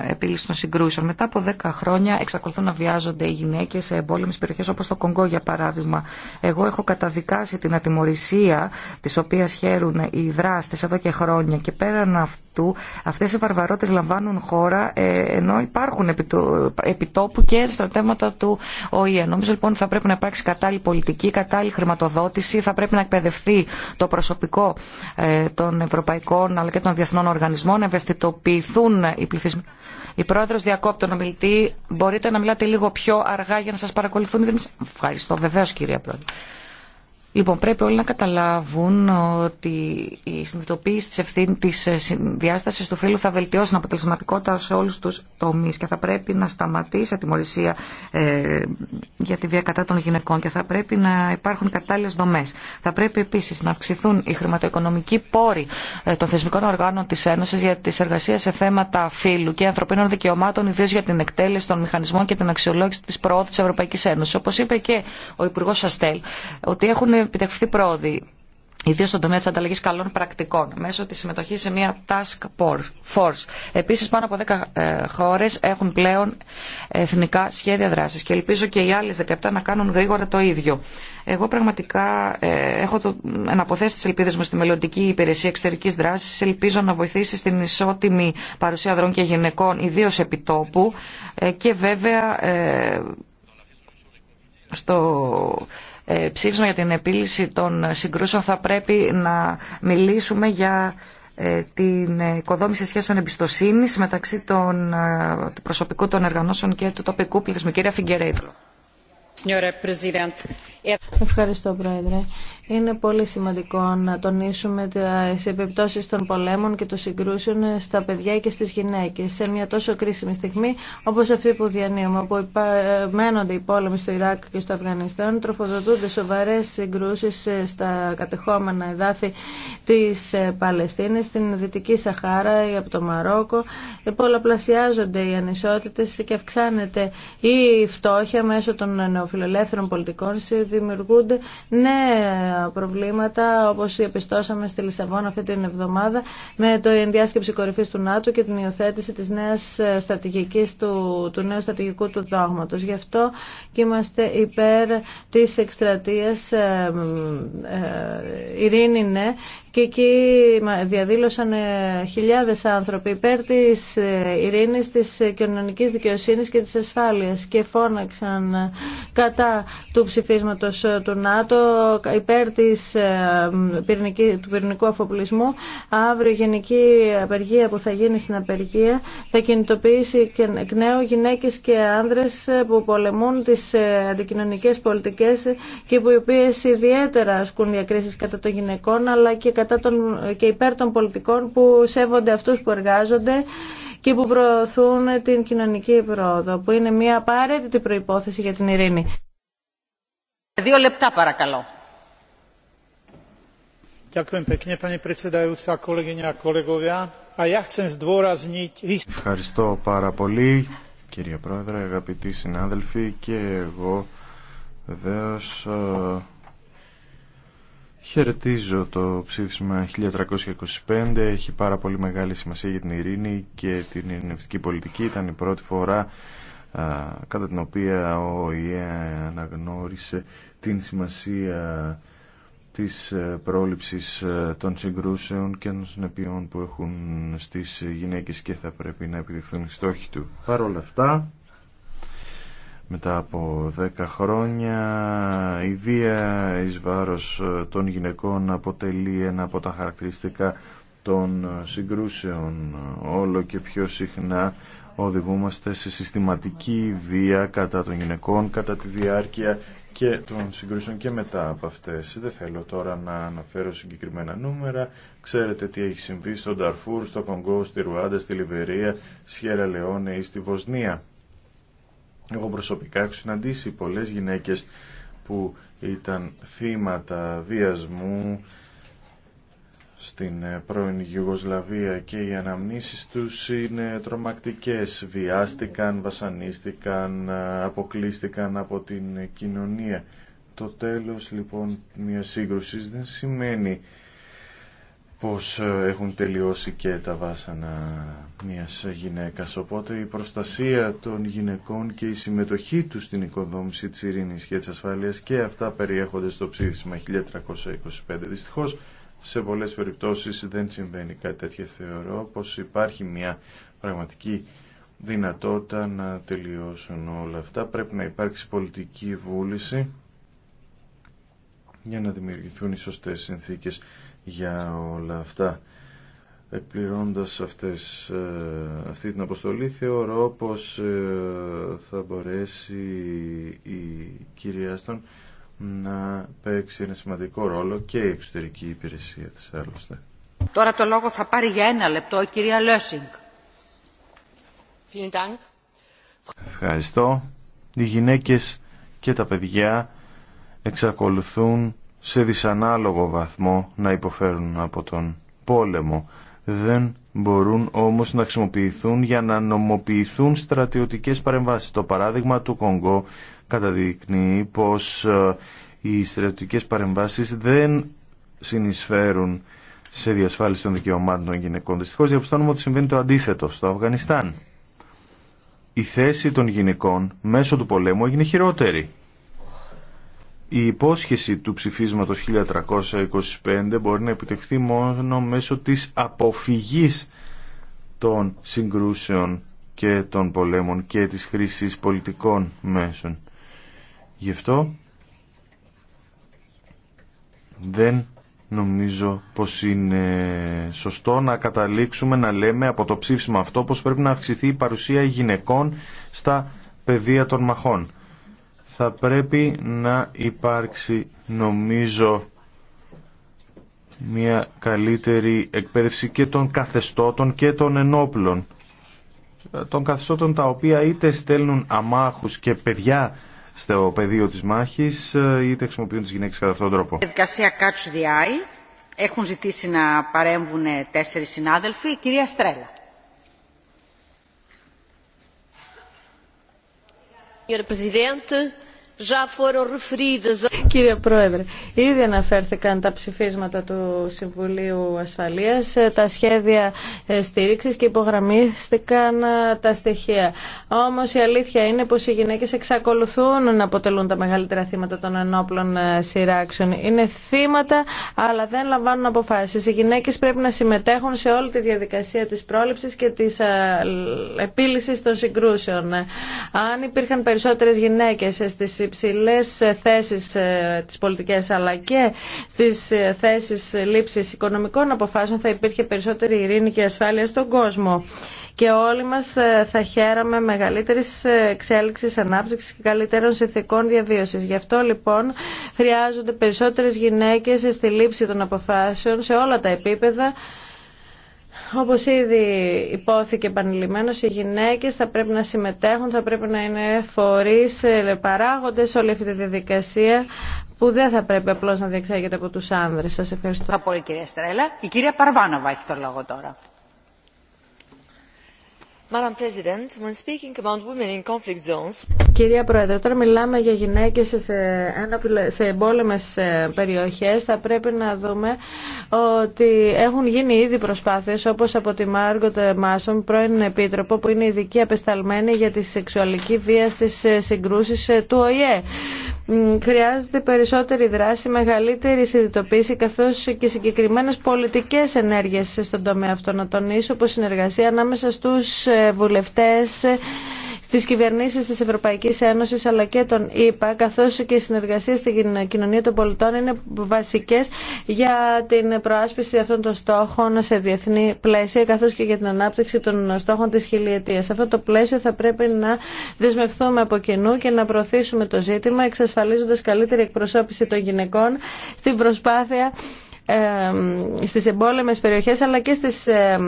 επίλυση των συγκρούσεων. Μετά από 10 χρόνια εξακολουθούν να βιάζονται οι γυναίκε σε εμπόλεμε περιοχέ όπω το Κονγκό, για παράδειγμα. Εγώ έχω καταδικάσει την ατιμορρησία τη οποία χαίρουν οι δράστε εδώ και χρόνια και πέραν αυτού αυτέ οι βαρβαρότητε λαμβάνουν χώρα ε, ενώ υπάρχουν επιτόπου και στρατεύματα του ΟΗΕ. Νομίζω λοιπόν ότι θα πρέπει να υπάρξει κατάλληλη πολιτική, κατάλληλη χρηματοδότηση, θα πρέπει να εκπαιδευτεί το προσωπικό ε, των ευρωπαϊκών αλλά και των διεθνών οργανισμών, να ευαισθητοποιηθούν οι πληθυσμοί. Η πρόεδρος διακόπτει τον ομιλητή. Μπορείτε να μιλάτε λίγο πιο αργά για να σας παρακολουθούν οι Ευχαριστώ βεβαίως κύριε πρόεδρε. Λοιπόν, πρέπει όλοι να καταλάβουν ότι η συνειδητοποίηση της ευθύνη ε, διάστασης του φύλου θα βελτιώσει την αποτελεσματικότητα σε όλους τους τομείς και θα πρέπει να σταματήσει ατιμορρησία ε, για τη βία κατά των γυναικών και θα πρέπει να υπάρχουν κατάλληλες δομές. Θα πρέπει επίσης να αυξηθούν οι χρηματοοικονομικοί πόροι ε, των θεσμικών οργάνων της Ένωσης για τις εργασίες σε θέματα φύλου και ανθρωπίνων δικαιωμάτων, ιδίως για την εκτέλεση των μηχανισμών και την αξιολόγηση της προόδου της Ευρωπαϊκής είπε και ο επιτευχθεί πρόοδη, ιδίω στον τομέα τη ανταλλαγή καλών πρακτικών, μέσω τη συμμετοχή σε μια task force. Επίση, πάνω από 10 ε, χώρε έχουν πλέον εθνικά σχέδια δράση και ελπίζω και οι άλλε 17 να κάνουν γρήγορα το ίδιο. Εγώ πραγματικά ε, έχω το, να τι ελπίδε μου στη μελλοντική υπηρεσία εξωτερική δράση. Ελπίζω να βοηθήσει στην ισότιμη παρουσία δρόμων και γυναικών, ιδίω επιτόπου ε, και βέβαια στο ε, ψήφισμα για την επίλυση των συγκρούσεων θα πρέπει να μιλήσουμε για ε, την οικοδόμηση σχέσεων εμπιστοσύνης μεταξύ των, ε, του προσωπικού των εργανώσεων και του τοπικού πληθυσμού. Κύριε Φιγκερέιτλο. Ευχαριστώ, Πρόεδρε. Είναι πολύ σημαντικό να τονίσουμε τις επιπτώσεις των πολέμων και των συγκρούσεων στα παιδιά και στις γυναίκες σε μια τόσο κρίσιμη στιγμή όπως αυτή που διανύουμε, όπου μένονται οι πόλεμοι στο Ιράκ και στο Αφγανιστάν, τροφοδοτούνται σοβαρές συγκρούσεις στα κατεχόμενα εδάφη της Παλαιστίνης, στην Δυτική Σαχάρα ή από το Μαρόκο. Πολλαπλασιάζονται οι ανισότητες και αυξάνεται η φτώχεια μέσω των νεοφιλελεύθερων πολιτικών. Δημιουργούνται νέα προβλήματα όπως διαπιστώσαμε στη Λισαβόνα αυτή την εβδομάδα με το ενδιάσκεψη κορυφή του ΝΑΤΟ και την υιοθέτηση της νέας ε, στρατηγική του, του νέου στρατηγικού του δόγματο. Γι' αυτό και είμαστε υπέρ τη εκστρατεία, ε, ε, ειρήνη ναι και εκεί διαδήλωσαν ε, χιλιάδες άνθρωποι υπέρ της ε, ειρήνης, της κοινωνικής δικαιοσύνης και της ασφάλειας και φώναξαν ε, κατά του ψηφίσματος του ΝΑΤΟ υπέρ της του πυρηνικού αφοπλισμού. Αύριο η γενική απεργία που θα γίνει στην απεργία θα κινητοποιήσει και εκ νέου γυναίκες και άνδρες που πολεμούν τις αντικοινωνικές πολιτικές και οι οποίες ιδιαίτερα ασκούν διακρίσεις κατά των γυναικών αλλά και κατά κατά των, και υπέρ των πολιτικών που σέβονται αυτούς που εργάζονται και που προωθούν την κοινωνική πρόοδο, που είναι μια απαραίτητη προϋπόθεση για την ειρήνη. Δύο λεπτά παρακαλώ. Ευχαριστώ πάρα πολύ κύριε Πρόεδρε, αγαπητοί συνάδελφοι και εγώ βεβαίως ε, Χαιρετίζω το ψήφισμα 1325. Έχει πάρα πολύ μεγάλη σημασία για την ειρήνη και την ειρηνευτική πολιτική. Ήταν η πρώτη φορά κατά την οποία ο ΙΕ αναγνώρισε την σημασία της ε, πρόληψης ε, των συγκρούσεων και των συνεπειών που έχουν στις γυναίκες και θα πρέπει να επιδειχθούν οι στόχοι του. Παρ' όλα αυτά, μετά από δέκα χρόνια η βία εις βάρος ε, των γυναικών αποτελεί ένα από τα χαρακτηριστικά των ε, συγκρούσεων όλο και πιο συχνά οδηγούμαστε σε συστηματική βία κατά των γυναικών κατά τη διάρκεια και των συγκρούσεων και μετά από αυτές. Δεν θέλω τώρα να αναφέρω συγκεκριμένα νούμερα. Ξέρετε τι έχει συμβεί στον Ταρφούρ, στο Κονγκό, στη Ρουάντα, στη Λιβερία, Σιέρα ή στη Βοσνία. Εγώ προσωπικά έχω συναντήσει πολλές γυναίκες που ήταν θύματα βιασμού στην ε, πρώην Γιουγκοσλαβία και οι αναμνήσεις τους είναι τρομακτικές. Βιάστηκαν, βασανίστηκαν, ε, αποκλείστηκαν από την κοινωνία. Το τέλος λοιπόν μια σύγκρουσης δεν σημαίνει πως ε, έχουν τελειώσει και τα βάσανα μιας γυναίκας. Οπότε η προστασία των γυναικών και η συμμετοχή τους στην οικοδόμηση της ειρήνης και της ασφάλειας και αυτά περιέχονται στο ψήφισμα 1325. Δυστυχώς σε πολλές περιπτώσεις δεν συμβαίνει κάτι τέτοιο. Θεωρώ πως υπάρχει μια πραγματική δυνατότητα να τελειώσουν όλα αυτά. Πρέπει να υπάρξει πολιτική βούληση για να δημιουργηθούν οι σωστές συνθήκες για όλα αυτά. Εκπληρώντας αυτές, ε, αυτή την αποστολή θεωρώ πως ε, θα μπορέσει η κυρία Στον να παίξει ένα σημαντικό ρόλο και η εξωτερική υπηρεσία της άλλωστε. Τώρα το λόγο θα πάρει για ένα λεπτό η κυρία Λέσινγκ. Ευχαριστώ. Οι γυναίκες και τα παιδιά εξακολουθούν σε δυσανάλογο βαθμό να υποφέρουν από τον πόλεμο. Δεν μπορούν όμως να χρησιμοποιηθούν για να νομοποιηθούν στρατιωτικές παρεμβάσεις. Το παράδειγμα του Κονγκό καταδεικνύει πως ε, οι στρατιωτικές παρεμβάσεις δεν συνεισφέρουν σε διασφάλιση των δικαιωμάτων των γυναικών. Δυστυχώ διαπιστώνουμε ότι συμβαίνει το αντίθετο στο Αφγανιστάν. Η θέση των γυναικών μέσω του πολέμου έγινε χειρότερη. Η υπόσχεση του ψηφίσματος 1325 μπορεί να επιτευχθεί μόνο μέσω της αποφυγής των συγκρούσεων και των πολέμων και της χρήσης πολιτικών μέσων. Γι' αυτό δεν νομίζω πως είναι σωστό να καταλήξουμε να λέμε από το ψήφισμα αυτό πως πρέπει να αυξηθεί η παρουσία γυναικών στα πεδία των μαχών θα πρέπει να υπάρξει νομίζω μια καλύτερη εκπαίδευση και των καθεστώτων και των ενόπλων των καθεστώτων τα οποία είτε στέλνουν αμάχους και παιδιά στο πεδίο της μάχης είτε χρησιμοποιούν τις γυναίκες κατά αυτόν τον τρόπο. Η δικασία έχουν ζητήσει να παρέμβουν τέσσερις συνάδελφοι. κυρία Στρέλα. Κύριε Κύριε Πρόεδρε, ήδη αναφέρθηκαν τα ψηφίσματα του Συμβουλίου Ασφαλείας, ε, τα σχέδια ε, στήριξης και υπογραμμίστηκαν ε, τα στοιχεία. Όμως η αλήθεια είναι πως οι γυναίκες εξακολουθούν να αποτελούν τα μεγαλύτερα θύματα των ενόπλων σειράξεων. Είναι θύματα, αλλά δεν λαμβάνουν αποφάσεις. Οι γυναίκες πρέπει να συμμετέχουν σε όλη τη διαδικασία της πρόληψης και της επίλυσης των συγκρούσεων. Αν υπήρχαν περισσότερες γυναίκες στις υψηλές θέσεις ε, τις πολιτικές αλλά και στις ε, θέσεις λήψης οικονομικών αποφάσεων θα υπήρχε περισσότερη ειρήνη και ασφάλεια στον κόσμο και όλοι μας ε, θα χαίραμε μεγαλύτερη εξέλιξης, ανάπτυξης και καλύτερων συνθηκών διαβίωσης. Γι' αυτό λοιπόν χρειάζονται περισσότερες γυναίκες στη λήψη των αποφάσεων σε όλα τα επίπεδα όπως ήδη υπόθηκε επανειλημμένως, οι γυναίκες θα πρέπει να συμμετέχουν, θα πρέπει να είναι φορείς, ε, παράγοντες όλη αυτή τη διαδικασία που δεν θα πρέπει απλώς να διεξάγεται από τους άνδρες. Σας ευχαριστώ. πολύ κυρία Στρέλα. Η κυρία Παρβάνοβα έχει το λόγο τώρα. Κυρία Πρόεδρε, όταν μιλάμε για γυναίκες σε εμπόλεμες ε, περιοχές θα πρέπει να δούμε ότι έχουν γίνει ήδη προσπάθειες όπως από τη Μάργκοτ Μάσον, πρώην επίτροπο που είναι ειδική απεσταλμένη για τη σεξουαλική βία στις ε, συγκρούσεις ε, του ΟΗΕ. Χρειάζεται περισσότερη δράση, μεγαλύτερη συνειδητοποίηση καθώς και συγκεκριμένες πολιτικές ενέργειες στον τομέα αυτό. Να τονίσω πως συνεργασία ανάμεσα στους βουλευτές στις κυβερνήσεις της Ευρωπαϊκής Ένωσης αλλά και των ΗΠΑ καθώς και η συνεργασία στην κοινωνία των πολιτών είναι βασικές για την προάσπιση αυτών των στόχων σε διεθνή πλαίσια καθώς και για την ανάπτυξη των στόχων της χιλιετίας. Σε αυτό το πλαίσιο θα πρέπει να δεσμευθούμε από κοινού και να προωθήσουμε το ζήτημα εξασφαλίζοντας καλύτερη εκπροσώπηση των γυναικών στην προσπάθεια ε, στις εμπόλεμες περιοχές αλλά και στις ε,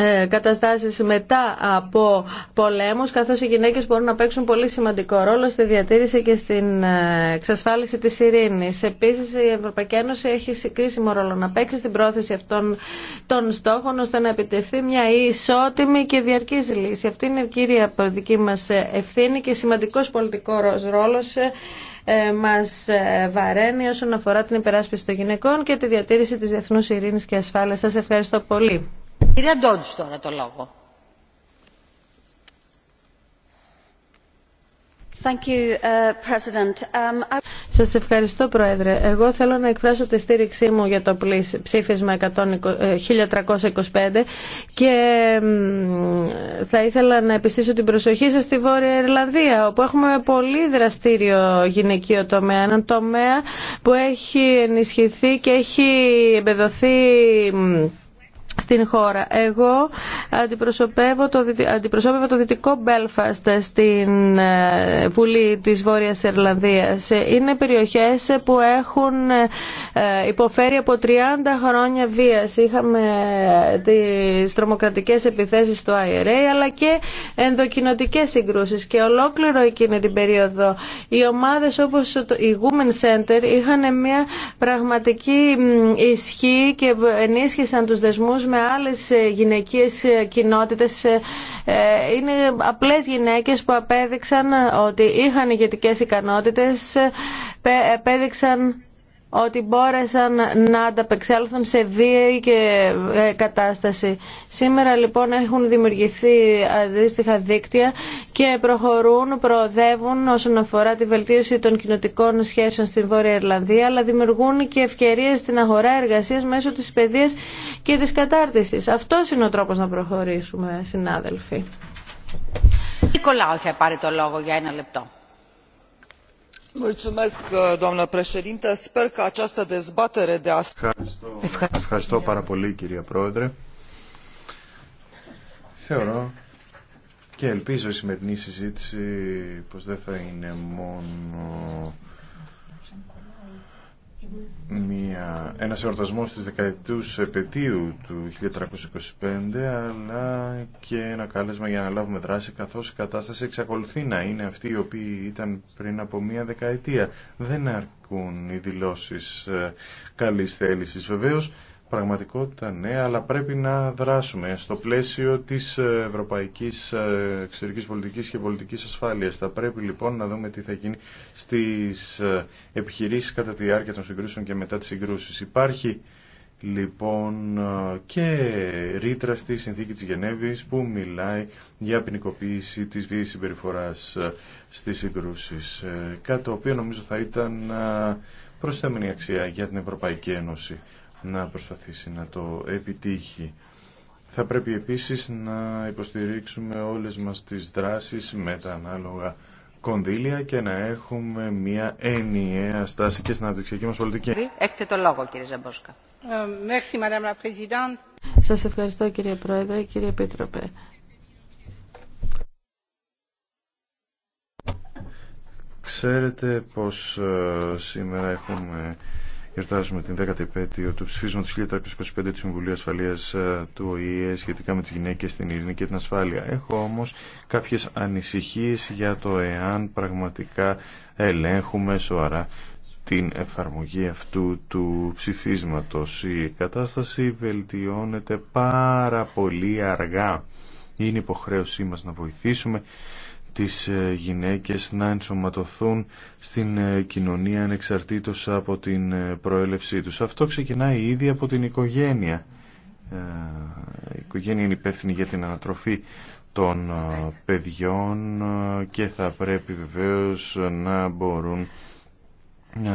ε, καταστάσεις μετά από πολέμους καθώς οι γυναίκες μπορούν να παίξουν πολύ σημαντικό ρόλο στη διατήρηση και στην ε, εξασφάλιση της ειρήνης. Επίσης η Ευρωπαϊκή Ένωση έχει κρίσιμο ρόλο να παίξει στην πρόθεση αυτών των στόχων ώστε να επιτευχθεί μια ισότιμη και διαρκής λύση. Αυτή είναι η κύρια δική μας ευθύνη και σημαντικός πολιτικός ρόλος ε, μας βαραίνει όσον αφορά την υπεράσπιση των γυναικών και τη διατήρηση της διεθνούς ειρήνης και ασφάλειας. Σας ευχαριστώ πολύ. Κυρία uh, um, Σας ευχαριστώ Πρόεδρε. Εγώ θέλω να εκφράσω τη στήριξή μου για το ψήφισμα 1325 ε, και θα ήθελα να επιστήσω την προσοχή σας στη Βόρεια Ιρλανδία όπου έχουμε πολύ δραστήριο γυναικείο τομέα. Έναν τομέα που έχει ενισχυθεί και έχει εμπεδοθεί στην χώρα. Εγώ αντιπροσωπεύω το, αντιπροσωπεύω το δυτικό Μπέλφαστ στην ε, Βουλή της Βόρειας Ιρλανδίας. Είναι περιοχές που έχουν ε, υποφέρει από 30 χρόνια βίας. Είχαμε ε, τις τρομοκρατικές επιθέσεις στο IRA αλλά και ενδοκινοτικές συγκρούσεις και ολόκληρο εκείνη την περίοδο οι ομάδες όπως το η Women Center είχαν μια πραγματική ισχύ και ενίσχυσαν τους δεσμούς με με άλλες ε, γυναικείες ε, κοινότητες. Ε, είναι απλές γυναίκες που απέδειξαν ότι είχαν ηγετικές ικανότητες, απέδειξαν ότι μπόρεσαν να ανταπεξέλθουν σε βίαιη και ε, κατάσταση. Σήμερα λοιπόν έχουν δημιουργηθεί αντίστοιχα δίκτυα και προχωρούν, προοδεύουν όσον αφορά τη βελτίωση των κοινοτικών σχέσεων στην Βόρεια Ιρλανδία, αλλά δημιουργούν και ευκαιρίες στην αγορά εργασίας μέσω της παιδείας και της κατάρτισης. Αυτός είναι ο τρόπος να προχωρήσουμε, συνάδελφοι. Νικολάου θα πάρει το λόγο για ένα λεπτό. Uh, Ευχαριστώ. πάρα πολύ κυρία Πρόεδρε. Θεωρώ και ελπίζω η σημερινή συζήτηση πως δεν θα είναι μόνο μια, ένας εορτασμός της δεκαετούς επαιτίου του 1325 αλλά και ένα κάλεσμα για να λάβουμε δράση καθώς η κατάσταση εξακολουθεί να είναι αυτή η οποία ήταν πριν από μια δεκαετία. Δεν αρκούν οι δηλώσεις ε, καλής θέλησης βεβαίως πραγματικότητα, ναι, αλλά πρέπει να δράσουμε στο πλαίσιο της ευρωπαϊκής ε, εξωτερικής πολιτικής και πολιτικής ασφάλειας. Θα πρέπει λοιπόν να δούμε τι θα γίνει στις ε, επιχειρήσεις κατά τη διάρκεια των συγκρούσεων και μετά τις συγκρούσεις. Υπάρχει λοιπόν ε, και ρήτρα στη συνθήκη της Γενέβης που μιλάει για ποινικοποίηση της βίαιης συμπεριφοράς στις συγκρούσεις. Κάτι το οποίο νομίζω θα ήταν προσθέμενη αξία για την Ευρωπαϊκή Ένωση να προσπαθήσει να το επιτύχει. Θα πρέπει επίσης να υποστηρίξουμε όλες μας τις δράσεις με τα ανάλογα κονδύλια και να έχουμε μια ενιαία στάση και στην αναπτυξιακή μας πολιτική. Έχετε το λόγο κύριε Ζαμπόσκα. Ε, Σας ευχαριστώ κύριε Πρόεδρε, κύριε Επίτροπε. Ξέρετε πως ε, σήμερα έχουμε Γιορτάζουμε την 15 η επέτειο του ψηφίσματο 1325 του Συμβουλίου Ασφαλεία ε, του ΟΗΕ σχετικά με τι γυναίκε, την ειρήνη και την ασφάλεια. Έχω όμω κάποιε ανησυχίε για το εάν πραγματικά ελέγχουμε σοβαρά την εφαρμογή αυτού του ψηφίσματος. Η κατάσταση βελτιώνεται πάρα πολύ αργά. Είναι υποχρέωσή μα να βοηθήσουμε τις ε, γυναίκες να ενσωματωθούν στην ε, κοινωνία ανεξαρτήτως από την ε, προέλευσή τους. Αυτό ξεκινάει ήδη από την οικογένεια. Η οικογένεια είναι υπεύθυνη για την ανατροφή των παιδιών και θα πρέπει βεβαίως να μπορούν να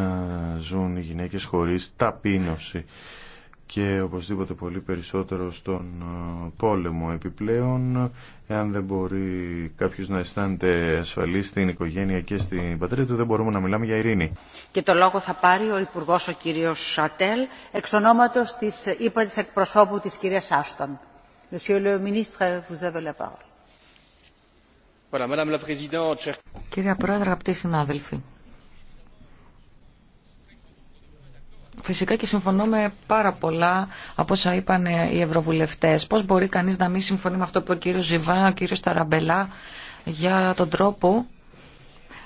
ζουν οι γυναίκες χωρίς ταπείνωση και οπωσδήποτε πολύ περισσότερο στον ε, πόλεμο. Επιπλέον, εάν δεν μπορεί κάποιος να αισθάνεται ασφαλή στην οικογένεια και στην πατρίδα του, δεν μπορούμε να μιλάμε για ειρήνη. Και το λόγο θα πάρει ο Υπουργός ο κύριος Σατέλ, εξ ονόματος της είπα της εκπροσώπου της κυρίας Άστον. Monsieur le ministre, vous avez la parole. Κυρία Πρόεδρε, αγαπητοί συνάδελφοι. Φυσικά και συμφωνώ με πάρα πολλά από όσα είπαν ε, οι ευρωβουλευτές. Πώς μπορεί κανείς να μην συμφωνεί με αυτό που ο κύριος Ζιβά, ο κύριος Ταραμπελά για τον τρόπο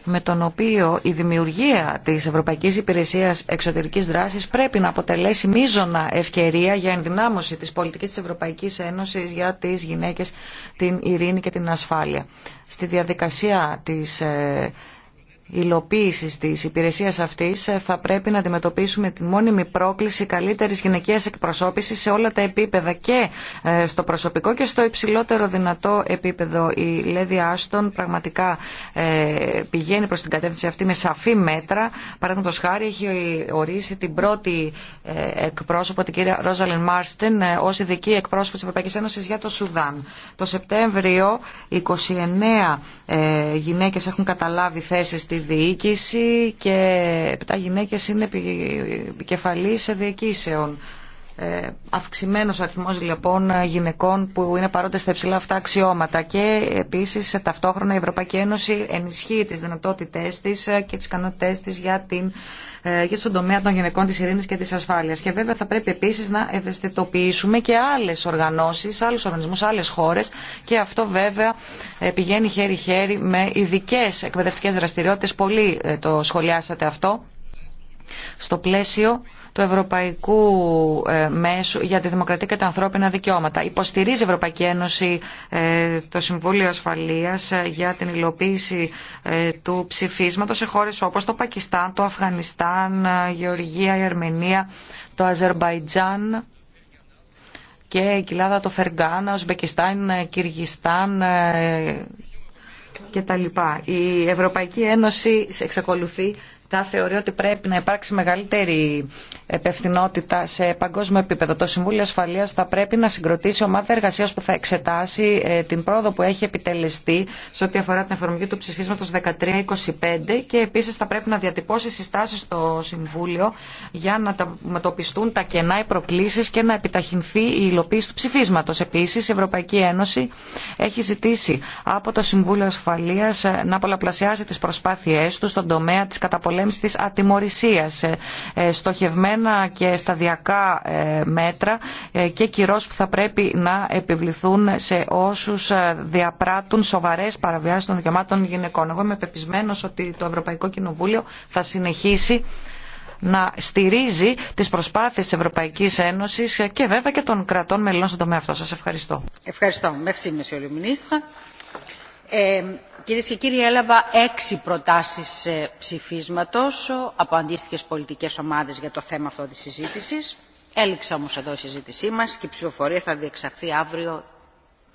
με τον οποίο η δημιουργία της Ευρωπαϊκής Υπηρεσίας Εξωτερικής Δράσης πρέπει να αποτελέσει μείζωνα ευκαιρία για ενδυνάμωση της πολιτικής της Ευρωπαϊκής Ένωσης για τις γυναίκες, την ειρήνη και την ασφάλεια. Στη διαδικασία της ε, υλοποίησης της υπηρεσίας αυτής ε, θα πρέπει να αντιμετωπίσουμε τη μόνιμη πρόκληση καλύτερης γυναικείας εκπροσώπησης σε όλα τα επίπεδα και ε, στο προσωπικό και στο υψηλότερο δυνατό επίπεδο. Η Λέδη Άστον πραγματικά ε, πηγαίνει προς την κατεύθυνση αυτή με σαφή μέτρα. Παραδείγματο χάρη έχει ορίσει την πρώτη εκπρόσωπο, την κυρία Ρόζαλιν Μάρστιν ως ειδική εκπρόσωπο της Ευρωπαϊκής Ένωσης για το Σουδάν. Το Σεπτέμβριο 29 γυναίκες έχουν καταλάβει θέσεις στη διοίκηση και τα γυναίκες είναι επικεφαλής διοικήσεων. Ε, Αυξημένο αριθμό λοιπόν γυναικών που είναι παρόντες στα υψηλά αυτά αξιώματα και επίση ταυτόχρονα η Ευρωπαϊκή Ένωση ενισχύει τι δυνατότητε τη και τι ικανότητέ τη για την ε, για τομέα των γυναικών της ειρήνης και της ασφάλειας. Και βέβαια θα πρέπει επίσης να ευαισθητοποιήσουμε και άλλες οργανώσεις, άλλους οργανισμούς, άλλες χώρες και αυτό βέβαια ε, πηγαίνει χέρι-χέρι με ειδικέ εκπαιδευτικές δραστηριότητες. Πολύ το σχολιάσατε αυτό στο πλαίσιο του Ευρωπαϊκού ε, Μέσου για τη Δημοκρατία και τα Ανθρώπινα Δικαιώματα. Υποστηρίζει η Ευρωπαϊκή Ένωση ε, το Συμβούλιο Ασφαλείας ε, για την υλοποίηση του ψηφίσματος σε χώρες όπως το Πακιστάν, το Αφγανιστάν, Γεωργία, η Αρμενία, το Αζερμπαϊτζάν και η κοιλάδα το Φεργκάνα, Ουσμπεκιστάν, Κυργιστάν και τα Η Ευρωπαϊκή Ένωση εξακολουθεί θα θεωρεί ότι πρέπει να υπάρξει μεγαλύτερη επευθυνότητα σε παγκόσμιο επίπεδο. Το Συμβούλιο Ασφαλεία θα πρέπει να συγκροτήσει ομάδα εργασία που θα εξετάσει ε, την πρόοδο που έχει επιτελεστεί σε ό,τι αφορά την εφαρμογή του ψηφίσματο 1325 και επίση θα πρέπει να διατυπώσει συστάσει στο Συμβούλιο για να μετοπιστούν τα κενά, οι προκλήσει και να επιταχυνθεί η υλοποίηση του ψηφίσματο. Επίση, η Ευρωπαϊκή Ένωση έχει ζητήσει από το Συμβούλιο Ασφαλεία ε, να πολλαπλασιάσει τι προσπάθειέ του στον τομέα τη καταπολέμηση λέμε της ατιμορρησίας. Ε, ε, στοχευμένα και σταδιακά ε, μέτρα και κυρώσεις που θα πρέπει να επιβληθούν σε όσους διαπράττουν σοβαρές παραβιάσεις των δικαιωμάτων γυναικών. Εγώ είμαι πεπισμένος ότι το Ευρωπαϊκό Κοινοβούλιο θα συνεχίσει να στηρίζει τις προσπάθειες της Ευρωπαϊκής Ένωσης και βέβαια και των κρατών μελών στον τομέα αυτό. Σας ευχαριστώ. Ευχαριστώ. Κυρίες και κύριοι, έλαβα έξι προτάσεις ε, ψηφίσματος από αντίστοιχες πολιτικές ομάδες για το θέμα αυτό της συζήτησης. Έληξα όμως εδώ η συζήτησή μας και η ψηφοφορία θα διεξαχθεί αύριο,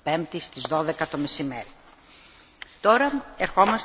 5η στις 12 το μεσημέρι. Τώρα ερχόμαστε.